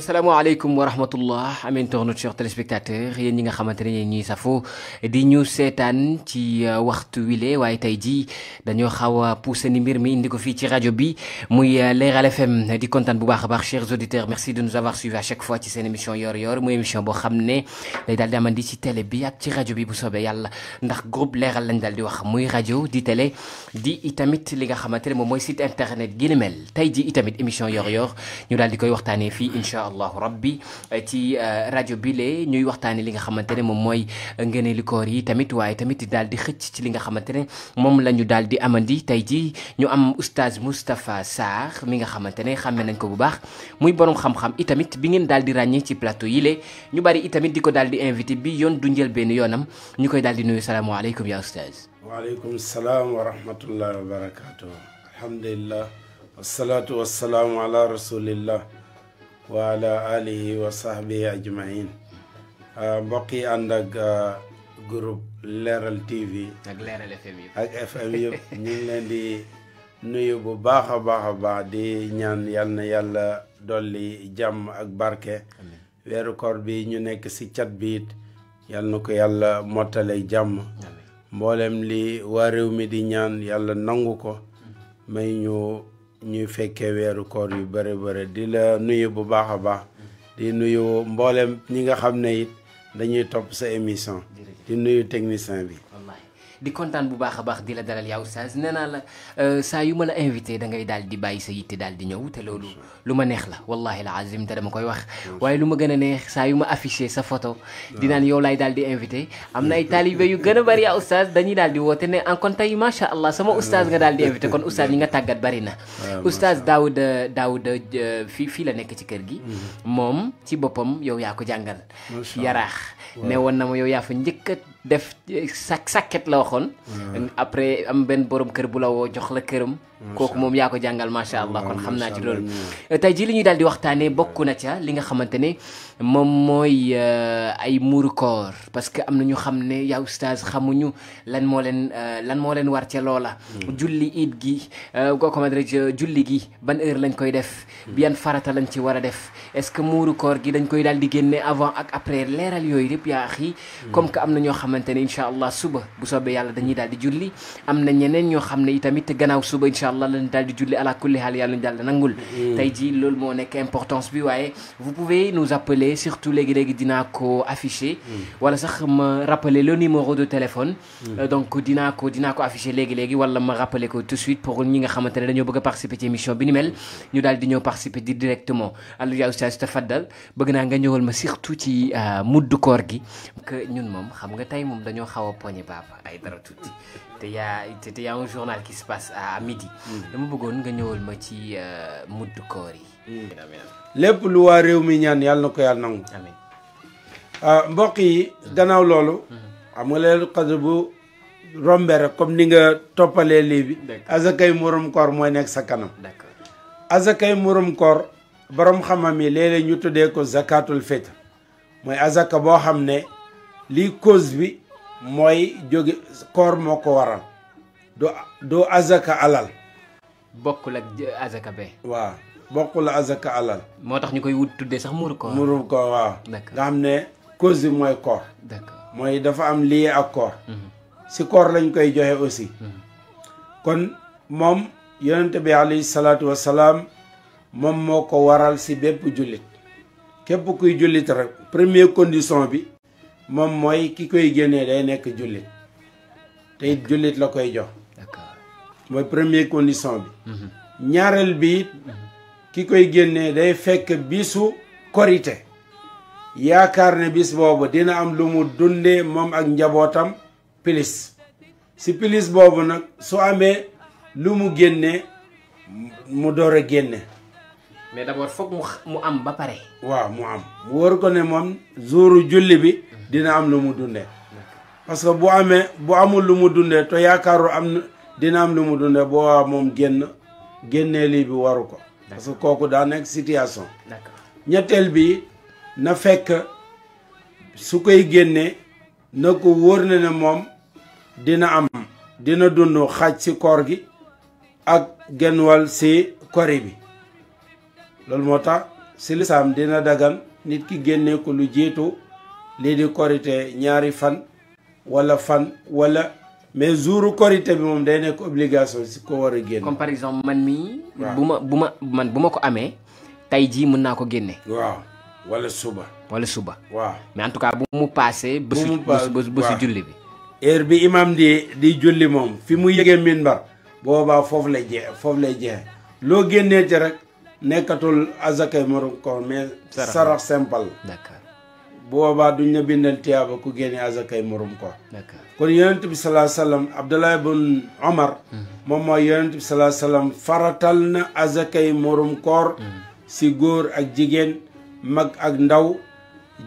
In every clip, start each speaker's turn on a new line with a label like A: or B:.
A: asalaamaaleykum wa rahmatullah amin tournut chers téléspectateurs yéen ñi nga xamante ne ñuy safo di ñu seetaan ci euh, waxtu wile waaye tey jii dañoo xaw a poussé ni mbir mi indi ko fii ci rajo bi muy euh, Leral FM di kontaan bu baax a baax chers auditeurs merci de nous avoir suivis à fois ci seen émission Yoor Yoor muy émission boo xam ne day daal di amandi ci télé bi ak ci rajo bi bu soobee yàlla ndax groupe Leral lañ daal di wax muy rajo di télé di itamit li nga xamante ne moom mooy site internet gi ni mel tey jii itamit émission Yoor Yoor ñu daal di allahu rabbi ci euh, rajo bile ñuy waxtaanee li nga xamante ne moom mooy ngëneelu koor yi tamit waaye tamit daal di xëcc ci li nga xamante ne moom la ñu daal di amandi tey jii ñu am oustaz Moustapha Sarr mi nga xamante ne xàmme nañ ko bu baax muy borom xam-xam itamit bi ngeen daal di ràññee ci plateau yi le ñu bari itamit di ko daal di invité bi yoon du njël benn yoonam ñu koy daal di nuyu salaamaaleykum yaa oustaz.
B: waaleykum salaam wa rahmatullahi wa barakaatu. alhamdulillah wasalaatu wasalaamu ala wa ala alihi wa sahbihi ajmain ah, yi ànd ak ah, groupe leeral tv ak leeral fm yëpp ak fm yëpp ñu leen di nuyu bu baax a baax a baax di ñaan yal na yàlla dolli jàmm ak barke weeru bi ñu nekk ci cat biit yal na ko yàlla mottale jàmm mboolem li waa di ñaan yàlla nangu ko may ñu ñuy fekke weeru koor yu bëri bëri di la nuyu bu baax a baax di nuyu mboolem ñi nga xam ne it dañuy topp sa émission di nuyu technicien bi
A: di kontaan bu baax a baax di la dalal yow Oustaz nee naa la euh, saa yu ma la invité da ngay daal di bàyyi sa yitte daal di ñëw te loolu lu ma neex la wallahi la azim te dama koy wax waaye lu ma gën a neex saa yu ma affiché sa photo di naan yow laay daal di invité am na ay taalibe yu gën a bëri yaa Oustaz dañuy di woote ne en kon tey macha allah sama Oustaz nga daal di invité kon Oustaz ñi nga tàggat bëri na ah, Oustaz Daouda euh, euh, fii fii la nekk ci kër gi mhm. moom ci boppam yow yaa ko jàngal def eh, sakket la waxoon. après am benn borom kër bu la woo jox la këram. kooku moom yaa ko jàngal macha allah kon xam naa ci loolu tey ji li ñuy na xamante ne moom mooy euh, ay muuru koor parce que am na ñu xam ne yaa oustaz xamuñu lan moo leen euh, lan moo leen war ca loola hmm. julli iid gi koo xamante ne julli gi ban heure lañ koy def bi hmm. yan farata lañ ci war a def est-ce que muuru koor gi dañ koy daal di génne avant ak après leeral yooyu yëpp yaa axi hmm. comme que am na ñoo xamante ne incha allah suba bu soobee yàlla dañuy daal di julli am na ñeneen ñoo xam ne itamit gannaaw suba allah lañ daal di julli ala kulli haal yàlla ñu daal di nangul loolu moo nekk importance bi waaye vous pouvez nous léegi-léegi dinaa ko affiché hmm. wala sax ma rappeler le numéro de téléphone hmm. euh, donc dinaa ko dinaa ko affiché léegi-léegi wala ma rappele ko tout de suite pour ñi nga xamante ne dañoo bëgg a participer ci émission bi ni mel ñu daal di ñëw participer di directement alors yaa oustaz tafaddal bëgg naa nga ñëwal ma surtout ci euh, mudd koor gi que ñun moom xam nga tey moom dañoo xaw a poñe baaba ay dara tuuti te yaa te yaa un journal qui se passe à midi. Hmm. dama bëggoon nga ñëwal ma ci euh, mudd koor yi. Hmm.
B: lépp lu waa réew mi ñaan yàlla na ko yàlla nangu. amiin ah, yi hmm. gannaaw loolu. xam nga leen xadr bu rombe rek comme ni nga toppalee lii bi. azakay murum koor mooy nekk sa kanam. d'accord azakay murum koor borom xamam yi léeg-léeg ñu tuddee ko zakatul fitr mooy azaka boo xam ne lii cause bi. mooy jóge koor moo ko waral doo doo azaka alal bokkul ak azaka be waa bokkul ak azaka alal moo tax ñu koy wut tuddee sax muru koor muru koor waaw nga xam ne cause bi mooy koor d'accord mooy dafa am lii ak koor mhm. si koor lañ koy joxe aussi mhm. kon moom yonente bi alayhi salaatu wasalaam moom moo ko waral si bépp jullit képp kuy jullit rek première condition bi moom mooy ki koy génnee day nekk jullit te it jullit la koy jox mooy premier condition bi mhm. ñaareel bi mhm. ki koy génnee day fekk bisu korite yaakaar ne bis boobu dina am lu mu dundee moom ak njabootam pilis si pilis boobu nag su amee lu mu génnee mu door a génne
A: mais d'abord mu am ba pare
B: waaw mu am mu wóor ko ne moom jouru julli bi dina am lu mu dundee parce que bu amee bu amul lu mu dunde te yaakaaru am dina am lu mu dundee boo moom génn génnee lii bi waru ko parce que kooku daa nekk situation ñetteel bi na fekk su koy génnee na ko wóor na ne moom dina am dina dund xaaj ci koor gi ak genwal ci kori bi loolu moo tax ci lislaam dina dagan nit ki génnee ko lu jiitu lii di korité ñaari fan wala fan wala mais jouru korité bi moom day nekk obligation si ko war a génn par exemple man mii
A: bu ma bu ma man bu ma ko amee tey jii mën naa ko génne waaw wala suba wala suba waaw mais en tout cas bu mu paasee bésu bésu julli
B: bi heure bi imam di di julli moom fi mu yëgee minbar boobaa foofu la jeex foofu la jeexe loo génnee ci rek nekkatul azakay morom ko mais sarax simple boobaa duñ la bindal tiyaaba ku génne azakay morom ko kon yonent bi salaa sallam abdullah ibn omar mhm. moom mooy yonent bi salaa faratal na azakay morom koor mhm. si góor ak jigéen mag ak ndaw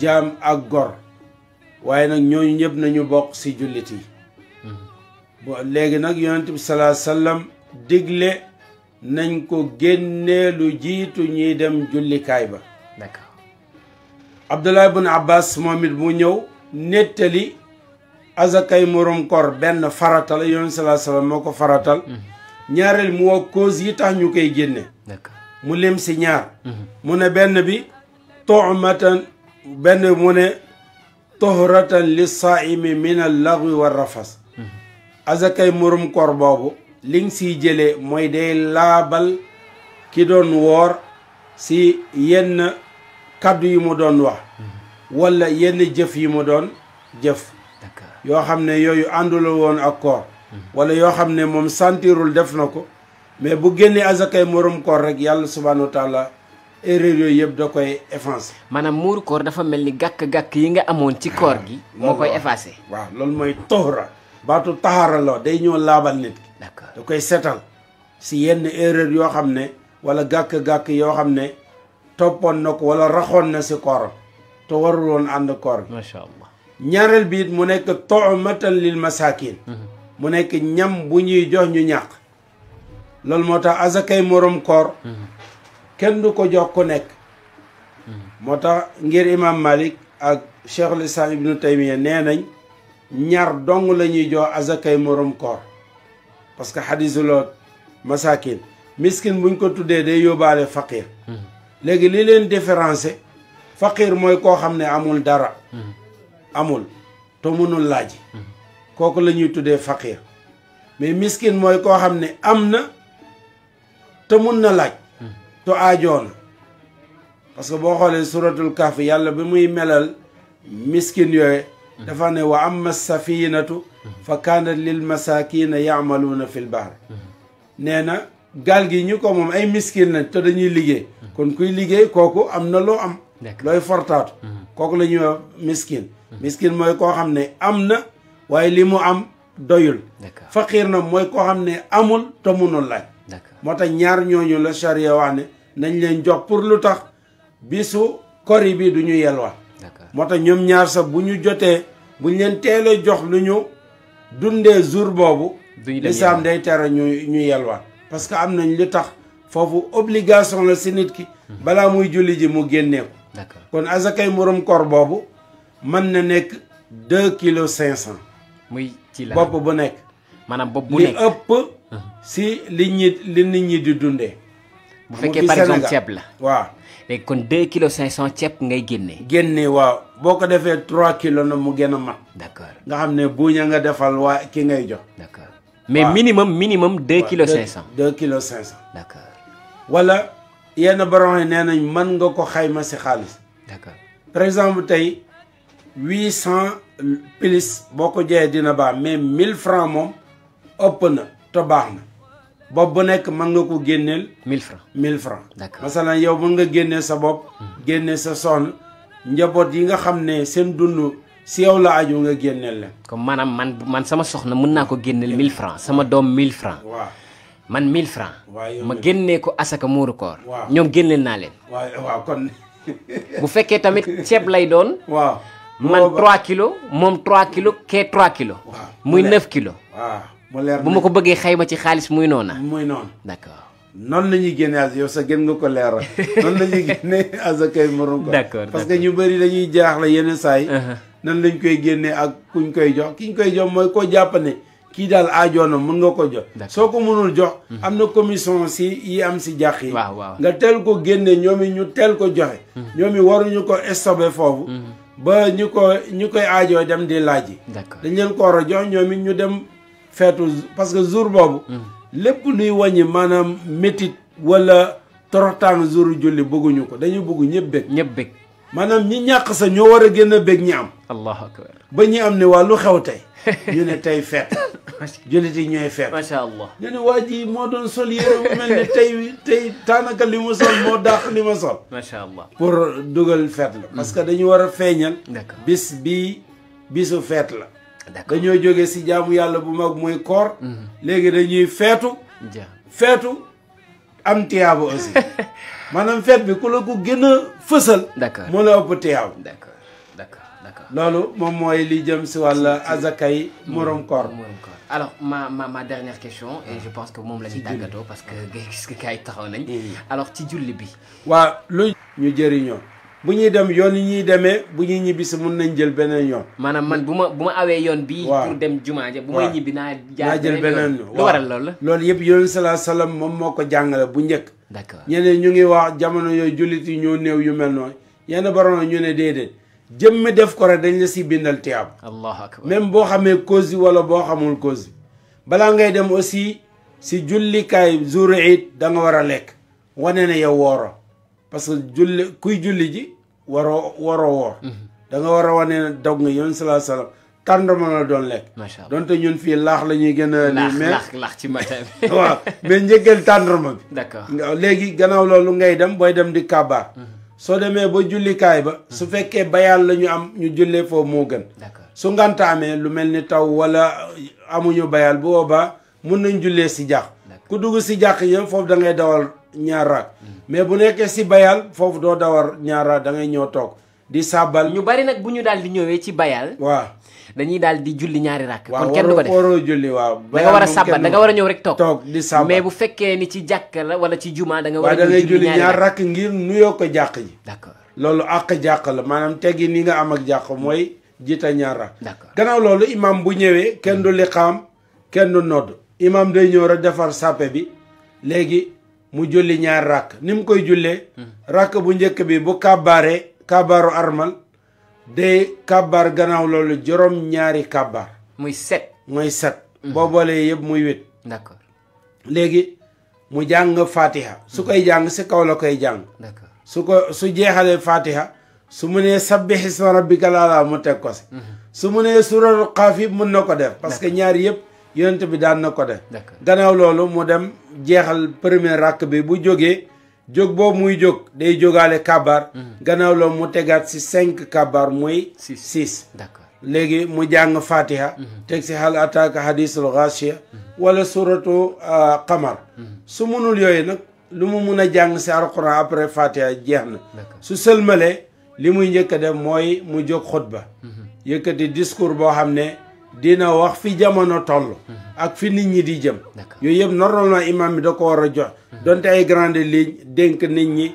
B: jaam ak gor waaye nag ñooñu ñëpp nañu bokk ci jullit yi
A: mhm.
B: léegi nag yonent bi salaa sallam digle nañ ko génnee jiitu ñuy dem jullikaay ba abdullah ibn abbas moom it mu ñëw nettali azakay morom kor benn farata yoon salaa moo ko faratal mhm. ñaareel mu woo cause yi tax ñu koy génne mu lim si ñaar mhm. mu ne benn bi tomatan benn mu ne tohratan li saaimi min al lagwi wa rafas mhm. azakay morom kor boobu ling nga siy mooy day laabal ki doon woor si yenn kàddu yi mu doon wax mhm. walla yenn jëf yi mu doon jëf yoo xam ne yooyu àndul woon ak koor mhm. wala yoo xam ne moom sentirul def na ko mais bu génnee azakay morom koor rek yàlla subhanahu wa taala yooyu yëpp da koy effacé maanaam muur koor dafa mel ni gàkk-gàkk yi nga amoon ci koor gi moo koy effacé waaw loolu mooy toxra baatu taxara day ñëw laabal nit da koy setal si yenn erreur yoo xam ne wala gàkk-gàkk yoo xam ne toppoon na ko wala raxoon na si koor te warul woon ànd koor gi macha allah ñaareel bi mu nekk toomatan lil masakin mhm. mu nekk ñam bu ñuy jox ñu ñàq lool moo tax azakay moroom koor mhm. kenn du ko jox ku nekk mhm. moo tax ngir imam malik ak cheikh lislam ibnu taymiya nee nañ ñaar dong la ñuy jox azakay morom koor parce que xadisuloo masakin miskin buñ ko tuddee day yóbbaale faqir léegi li leen différencier faqiir mooy koo xam ne amul dara mm-hmm. amul te mënul laaj mm-hmm. kooku la ñuy tuddee faqiir mais miskin mooy koo xam ne am na te mun na laaj mm-hmm. te aajoona parce que boo xoolee suratul kahf yàlla bi muy melal miskin yooyu dafa ne wa amma safinatu fa kaanat lil masakina yaamaluuna fi l bahr nee na gaal gi ñu ko moom ay miskin nañ te dañuy liggéey kon kuy liggéey kooku am na loo am looy fortaatu mm-hmm. kooku lañu miskin mm-hmm. miskin mooy koo xam ne am na waaye li mu am doyul faqiir na mooy koo xam ne amul te munul laaj moo tax ñaar ñooñu la charia wax nañ leen jox pour lu tax bisu kori bi du ñu yelwaan moo tax ñoom ñaar sa bu ñu jotee buñ leen teelee jox lu ñu dundee jour boobu lislaam day tere ñu ñu yelwaan parce que am nañ lu tax foofu obligation la si nit ki balaa muy julli ji mu génnee ko kon azakay murum koor boobu mën na nekk deux kilos cinq cent muy ci la bopp bu nekk maanaam bopp bu nekk li ëpp uh-huh. si li ñi li nit ñi di dundee bu fekkee par exemple ceeb la waaw léegi kon deux kilos cinq cent ceeb ngay génnee génne waaw boo ko defee trois kilos na mu gën a mat d'accord nga xam ne buuña nga defal waa ki ngay jox mais minimum minimum deux kilos cinq cent deux kilos cinq cent d'accord wala yenn borom yi nee nañ mën nga ko xayma si xaalis d'accord par exemple tey huit cent boo ko jeyee dina baax mais mille francs moom ëpp na te baax na bopp bu nekk mën nga ko génneel mille francs mille francs d'accord yow mën nga génnee sa bopp hmm. génnee sa soxna njaboot yi nga xam ne seen dund si yow la aju nga génneel leen. comme maanaam man man sama
A: soxna mën naa ko génneel 1000 francs sama doom 1000 francs waaw man 1000 francs ma génnee ko asaka muuru koor. waaw ñoom génneel naa leen.
B: waaw waaw kon.
A: bu fekkee tamit ceeb lay doon. waaw man 3 kilos moom 3 kilos kee 3 kilos. muy 9 kilo waaw mu leer bu ma ko bëggee xayma ci xaalis muy noona muy
B: noon d'accord. noonu la ñuy génne as yow sa gën nga ko leeral noonu la ñuy parce que ñu bëri dañuy jaaxle yenn saa yi. nan lañ koy génnee ak kuñ koy jox kiñ koy jox mooy koo jàpp kii daal aajoonam mën nga ko jox soo ko mënul jox mhm. am na commission si yi am si jàq yi nga teel ko génne ñoom it ñu teel ko joxe mhm. ñoom it waruñu ko stoppé foofu mhm. ba ñu ko ñu koy aajoo dem di laaj yi dañ leen ko war a jox ñoom ñu dem feetu parce que jour boobu lépp luy wàññi maanaam métit wala toroxtaan jour julli bëgguñu ko dañu bëgg ñëpp bëgg ñëpp bëgg maanaam ñi ñàq sa ñoo war a gën a bëgg ñi am. allahu akbar ba ñi am ne waa lu xew tey. ñu ne tey feet. jullit yi ñooy feet. macha ñu ne waa ji moo doon sol yére bu mel ne tey tey li mu sol moo dàq li ma sol. macha allah pour dugal feet la. parce que dañu war a feeñal. bis bii bisu feet la. ñoo jóge si jaamu yàlla bu mag muy koor. Mhm. léegi dañuy feetu. feetu am tiyaaba aussi. maanaam fête bi ku la ko gën a fësal. d'accord moo la ëpp teew. d'accord d'accord loolu moom mooy li jëm si wàlla azakay morom koor. morom koor
A: alors ma ma ma dernière question. et je pense que moom la ñuy tàggatoo parce que gis nga kay
B: taxaw nañ. alors ci julli bi. waa lu ñu jëriñoo. bu ñuy dem yoon yi ñuy demee bu ñuy ñibbi si mun nañ jël beneen yoon. maanaam man bu ma bu ma awee yoon bi pour dem jumaa ja bu may ñibbi
A: naa. jaar beneen yoon jël beneen yoon. lu waral
B: loolu la. loolu yëpp yonent salaa salaam moom moo ko jàngale bu njëkk. d'accord ñeneen ñu ngi wax jamono yooyu jullit yi ñoo néew yu mel noonu yenn borom ñu ne déedéet jëmmi def ko rek dañ la si bindal tiyaab allahu akbar même boo xamee cause yi wala boo xamul cause balaa ngay dem aussi si jullikaay jour it da nga war a lekk wane na yow wooro parce que julli kuy julli ji waroo waroo woor mhm. da nga war a wane ne dog nga yoon salaa salaam tàndarma la doon lekk. macha allah donte ñun fii laax la ñuy gën a. laax laax
A: laax ci matin waa waaw
B: mais njëkkal tàndarma bi. d'accord léegi gannaaw loolu ngay dem booy dem di kabaar. Mhm. soo demee ba jullikaay ba. su mhm. fekkee bayaal la ñu am ñu jullee foofu moo gën. su ngant amee lu mel ni taw wala amuñu bayal bu boobaa mun nañ jullee si jàq. ku dugg si jàq yi foofu da ngay dawal ñaar mhm. mais bu nekkee si bayal foofu doo dawal ñaar raak da ngay ñëw toog di sàbbal. ñu bari nag bu ñu daal di ñëwee ci bayal. dañuy daal di julli ñaari rakk kon kenn du ko def julli waaw da war a sàbba da nga war
A: a ñëw rek toog toog di sàbba mais bu fekkee ni ci jàkk la wala ci juma da nga war a julli ñaari rakk
B: ngir nuyoo ko jàkk ji d'accord loolu àq jàkk la maanaam teggi ni nga am ak jàkk mooy jiita ñaar rakk d'accord gannaaw loolu imam bu ñëwee kenn du liqaam kenn du nodd imam day ñëw rek defar sàppe bi léegi mu julli ñaar rakk ni mu koy jullee hmm. rakk bu njëkk bi bu kàbbaaree kàbbaaru armal day kabar gannaaw loolu juróom ñaari kàbbaar muy set muy set mhm. boo boolee yëpp muy wét d'accord léegi mu jàng fatiha su koy jàng si kaw la koy jàng d'accord su ko su jeexalee fatiha su mu nee sabbih isma rabbika laalaa mu teg ko si mhm. su mu nee suratul qaaf yi mun na ko def parce que ñaari yëpp yonent bi daan na ko def gannaaw loolu mu dem jeexal premier rakk bi bu jógee jóg boobu muy jóg day jógaale kabar mhm. gannaaw la mu tegaat si cinq kabar mooy six d'accord léegi mu jàng fatiha mhm. teg si hal ataaka hadisul ghashiya mhm. wala suratu ah, qamar su mënul yooyu nag lu mu mën a jàng si alquran après fatiha jeex na su sëlmalee li muy njëkk a def mooy mu jóg xutba yëkkati discours boo xam ne dina wax fi jamono toll ak fi nit ñi di jëm yooyu yëpp normalement imam bi da ko war a jox donte ay grande ligne dénk nit ñi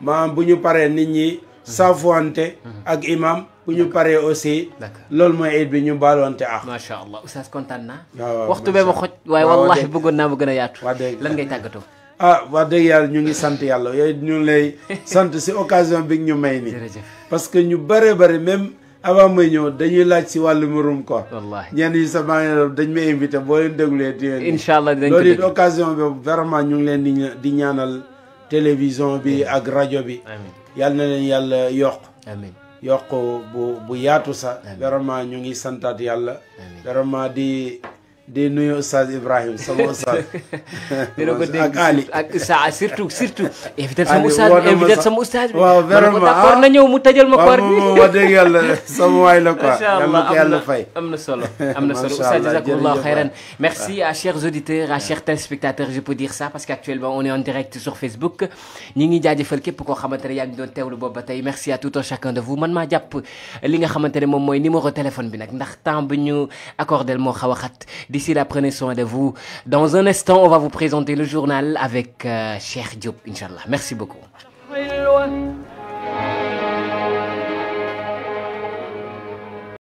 B: maanaam bu ñu paree nit ñi saafuwante ak imam bu ñu paree aussi loolu mooy it bi ñu baalwante ah macha allah oustaz kontaan
A: naa waaw waxtu bee ma xoj waaye wallahi bëggoon naa mu gën a yaatu lan ngay tàggatoo
B: ah waa dëgg yàlla ñu ngi sant yàlla yooyu ñu ngi lay sant si occasion bi ñu may nii parce que ñu bare bare même avant may ñëw dañuy laaj si wàllum ruum quoi. wallaahi ñenn ñi sax maa ngi dañ ma invité boo leen dégluwee. di incha allah dinañ ko déglu loolu it occasion bi vraiment ñu ngi leen di di ñaanal télévision bi ak rajo bi. amiin yal na leen yàlla yokk. yokk bu bu yaatu sax. vraiment ñu ngi santaat yàlla. vraiment di. di nuyu Oustaz Ibrahima sama Oustaz. dina ko dégg ak Ali ak Saa
A: surtout surtout. invité sama Oustaz invité sama Oustaz. waaw vraiment ah d'accord na ñëw mu tëjal ma koor gi. waaw wax dëgg yàlla sama waay la quoi. macha allah am na am na solo am na solo Oustaz jazakumullahu xayran merci ah. à chers auditeurs à ah. chers téléspectateurs je peux dire ça parce qu'actuellement on est en direct sur Facebook. ñi ngi jaajëfal képp koo xamante ne yaa ngi doon teewlu boobu ba tey merci à tout un chacun de vous man maa jàpp li nga xamante ne moom mooy numéro téléphone bi nag ndax temps bi ñu accordé moo xaw a xat D'ici là, prenez soin de vous. Dans un instant, on va vous présenter le journal avec euh, Cher Diop, Inch'Allah. Merci beaucoup.